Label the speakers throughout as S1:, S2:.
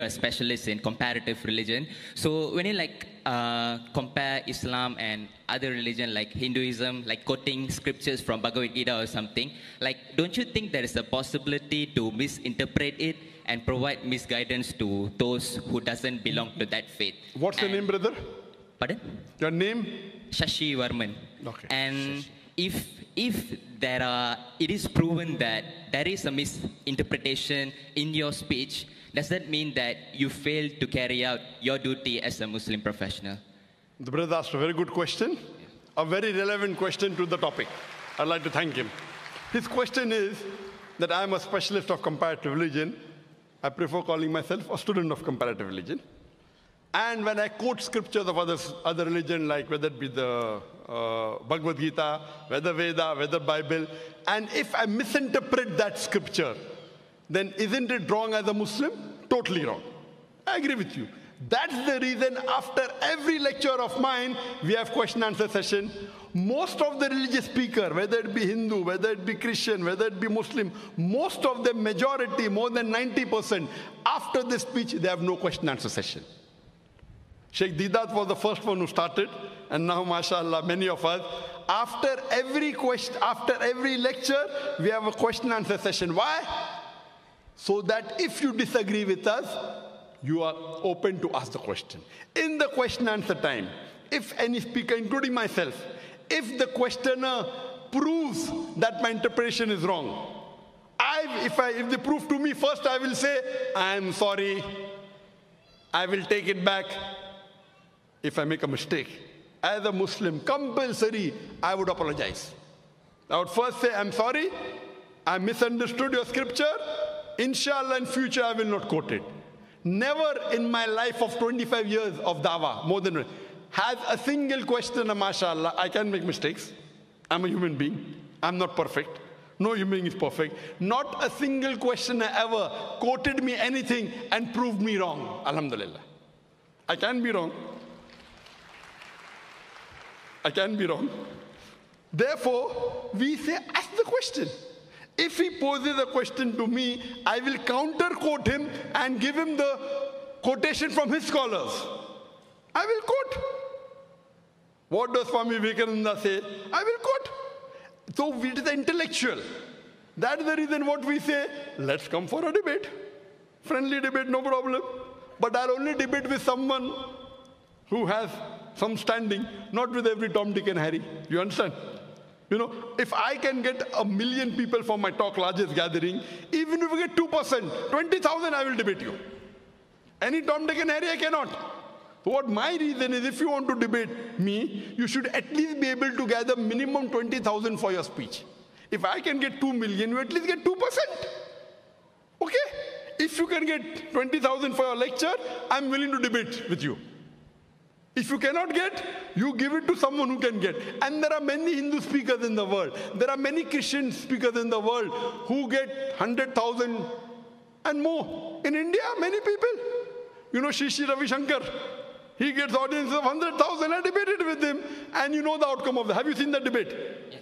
S1: a specialist in comparative religion. So when you like uh, compare Islam and other religion like Hinduism, like quoting scriptures from Bhagavad Gita or something, like don't you think there is a possibility to misinterpret it and provide misguidance to those who doesn't belong to that faith? What's and, your name, brother? Pardon? Your name? Shashi Varman. Okay. And Shashi. if if there are, it is proven that there is a misinterpretation in your speech does that mean that you failed to carry out your duty as a Muslim professional?
S2: The brother asked a very good question, a very relevant question to the topic. I'd like to thank him. His question is that I'm a specialist of comparative religion. I prefer calling myself a student of comparative religion. And when I quote scriptures of others, other religion, like whether it be the uh, Bhagavad Gita, whether Veda, whether Bible, and if I misinterpret that scripture, then isn't it wrong as a Muslim? Totally wrong. I agree with you. That's the reason after every lecture of mine, we have question answer session. Most of the religious speaker, whether it be Hindu, whether it be Christian, whether it be Muslim, most of the majority, more than 90%, after the speech, they have no question answer session. Sheikh Didat was the first one who started, and now, mashallah, many of us. After every question, after every lecture, we have a question answer session. Why? so that if you disagree with us, you are open to ask the question. In the question answer time, if any speaker, including myself, if the questioner proves that my interpretation is wrong, I, if, I, if they prove to me first, I will say, I am sorry, I will take it back if I make a mistake. As a Muslim, compulsory, I would apologize. I would first say, I'm sorry, I misunderstood your scripture, Inshallah, in future, I will not quote it. Never in my life of 25 years of dawa, more than has a single question, mashallah. I can make mistakes. I'm a human being. I'm not perfect. No human being is perfect. Not a single questioner ever quoted me anything and proved me wrong. Alhamdulillah. I can be wrong. I can be wrong. Therefore, we say, ask the question. If he poses a question to me, I will counter quote him and give him the quotation from his scholars. I will quote. What does Swami Vivekananda say? I will quote. So it is intellectual. That is the reason what we say, let's come for a debate. Friendly debate, no problem. But I'll only debate with someone who has some standing, not with every Tom, Dick, and Harry. You understand? You know, if I can get a million people for my talk largest gathering, even if we get 2%, 20,000, I will debate you. Any Tom, Dick and Harry, I cannot. So what my reason is, if you want to debate me, you should at least be able to gather minimum 20,000 for your speech. If I can get 2 million, you at least get 2%. Okay? If you can get 20,000 for your lecture, I'm willing to debate with you. If you cannot get, you give it to someone who can get. And there are many Hindu speakers in the world. There are many Christian speakers in the world who get 100,000 and more. In India, many people. You know, Shishi Ravi Shankar. He gets audiences of 100,000. I debated with him. And you know the outcome of that. Have you seen that debate? Yeah.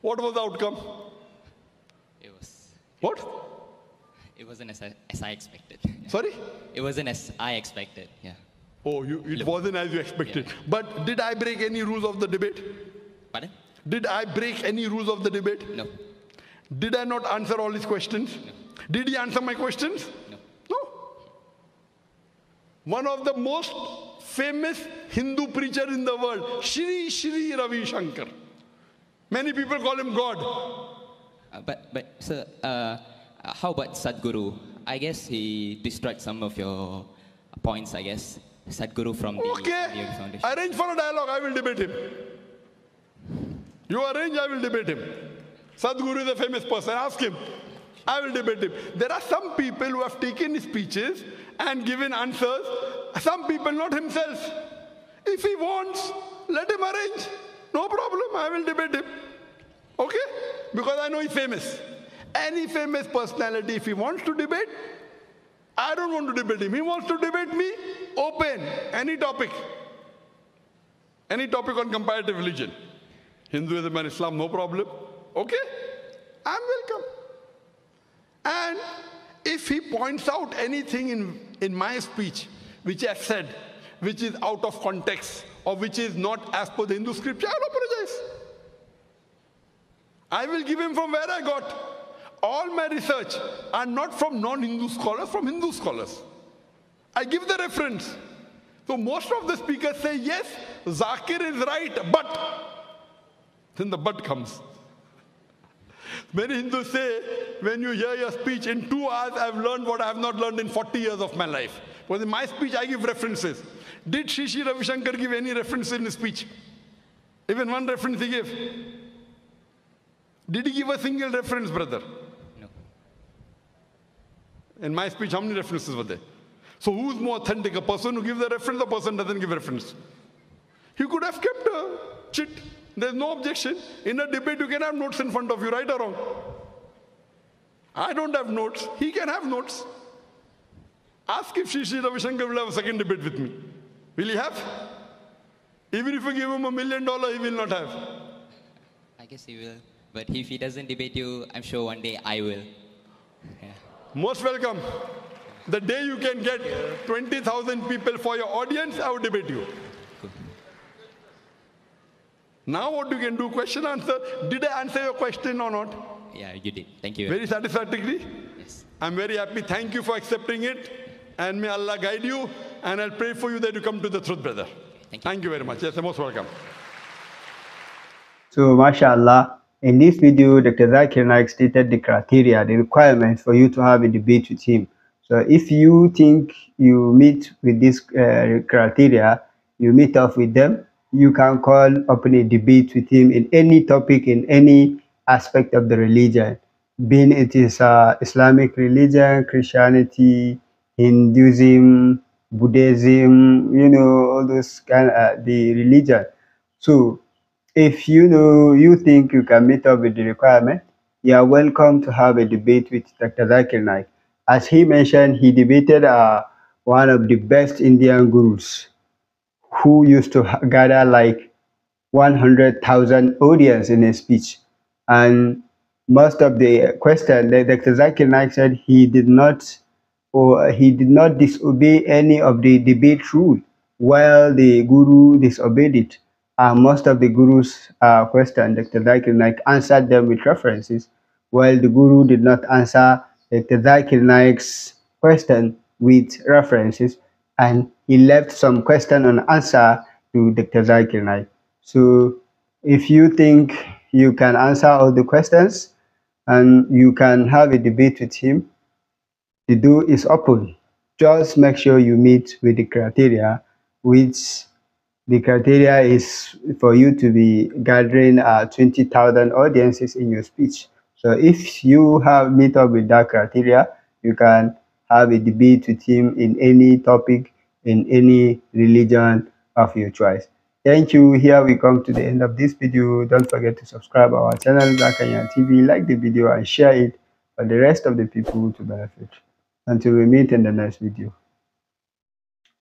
S2: What was the outcome? It was. what?
S1: it wasn't as I, as I expected. Sorry? It wasn't as I expected, yeah.
S2: Oh, you, it wasn't as you expected. Yeah. But did I break any rules of the debate? Pardon? Did I break any rules of the debate? No. Did I not answer all his questions? No. Did he answer my questions? No. No. One of the most famous Hindu preacher in the world, Shri Shri Ravi Shankar. Many people call him God.
S1: Uh, but, but, sir, uh, uh how about Sadhguru? I guess he destroyed some of your points, I guess. Sadhguru from okay. the Yogi Foundation. Arrange
S2: for a dialogue. I will debate him. You arrange, I will debate him. Sadhguru is a famous person. Ask him. I will debate him. There are some people who have taken speeches and given answers. Some people, not himself. If he wants, let him arrange. No problem. I will debate him. Okay? Because I know he's famous. Any famous personality, if he wants to debate, I don't want to debate him. He wants to debate me, open, any topic. Any topic on comparative religion. Hinduism and Islam, no problem. Okay? I'm welcome. And if he points out anything in, in my speech which I said, which is out of context or which is not as per the Hindu scripture, I'll apologize. I will give him from where I got all my research are not from non-Hindu scholars, from Hindu scholars. I give the reference. So most of the speakers say, yes, Zakir is right, but then the but comes. Many Hindus say, when you hear your speech, in two hours I've learned what I have not learned in 40 years of my life. Because in my speech I give references. Did Shri Ravi Shankar give any reference in his speech? Even one reference he gave. Did he give a single reference, brother? In my speech, how many references were there? So who's more authentic, a person who gives a reference, a person doesn't give a reference? He could have kept a chit. There's no objection. In a debate, you can have notes in front of you, right or wrong? I don't have notes. He can have notes. Ask if Shri Abhishek will have a second debate with me. Will he have? Even if you give him a million dollars, he will not have.
S1: I guess he will. But if he doesn't debate you, I'm sure one day I will.
S2: Most welcome. The day you can get 20,000 people for your audience, I would debate you. Now what you can do, question answer. Did I answer your question or
S1: not? Yeah, you did. Thank you. Very
S2: satisfactorily? Yes. I'm very happy. Thank you for accepting it. And may Allah guide you. And I'll pray for you that you come to the truth, brother. Thank you. Thank you very much. Yes, most welcome.
S3: So, mashallah. In this video, Dr. Zakir Naik stated the criteria, the requirements for you to have a debate with him. So if you think you meet with these uh, criteria, you meet off with them, you can call open a debate with him in any topic, in any aspect of the religion, being it is uh, Islamic religion, Christianity, Hinduism, Buddhism, you know, all those kind of uh, the religion. So if you know you think you can meet up with the requirement, you are welcome to have a debate with Dr. Zakir Naik. As he mentioned, he debated uh, one of the best Indian gurus who used to gather like 100,000 audience in a speech. And most of the question that Dr. Zakir Naik said he did not or he did not disobey any of the debate rule while the guru disobeyed it uh, most of the guru's uh, question, Dr. Zakir Naik answered them with references, while the guru did not answer uh, Dr. Zakir Naik's question with references, and he left some question unanswered to Dr. Zakir Naik. So if you think you can answer all the questions and you can have a debate with him, the door is open. Just make sure you meet with the criteria which the criteria is for you to be gathering uh, 20,000 audiences in your speech. So if you have meet up with that criteria, you can have a debate with him in any topic, in any religion of your choice. Thank you. Here we come to the end of this video. Don't forget to subscribe our channel Zakanya TV, like the video and share it for the rest of the people to benefit. Until we meet in the next video.